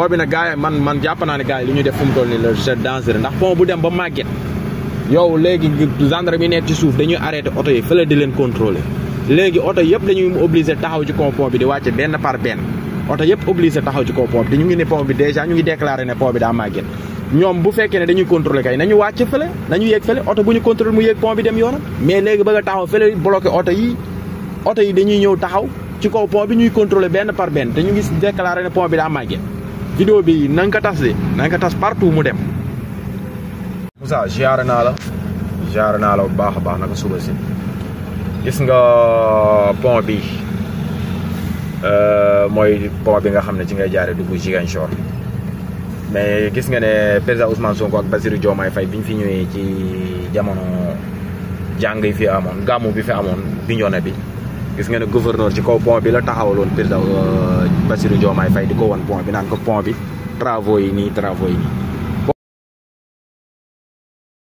pont bi na gars yi man man jàpp naa ne gars yi li ñuy def fu mu toll nii la c'est dangereux ndax pont bu dem ba màgget yow léegi gendarme yi nekk ci suuf dañuy arrêté oto yi fële di leen contrôler léegi oto yëpp dañuy obligé taxaw ci kaw pont bi di wàcce benn par benn oto yëpp obligé taxaw ci kaw pont bi te ñu ngi bi déjà ñu ngi déclaré ne pont bi daa màgget ñoom bu fekkee ne dañuy contrôler kay nañu wàcc fële nañu yéeg fële oto bu ñu contrôler mu yéeg pont bi dem yoonam mais a taxaw fële bloqué oto yi ñëw taxaw ci kaw pont bi ñuy contrôler benn par benn te ñu ngi déclaré ne pont vidéo bi na tas de na nga tas partout mu dem. Moussa ziar naa la ziar naa la bu baax a baax naka suba si gis nga pont bi euh, mooy pont bi nga xam ne ci ngay jaare dugg Ziguinchor mais gis nga ne président Ousmane Sonko ak Basirou Diomaye fay bi ñu fi ñëwee ci jamono jàng yi fi amoon gàmmu bi fi amoon Bignona bi. gis nga ne gouverneur ci kaw pont bi la taxawaloon président euh, Bassirou Diomaye Faye di ko won pont bi naan ko pont bi travaux yi nii travaux yi nii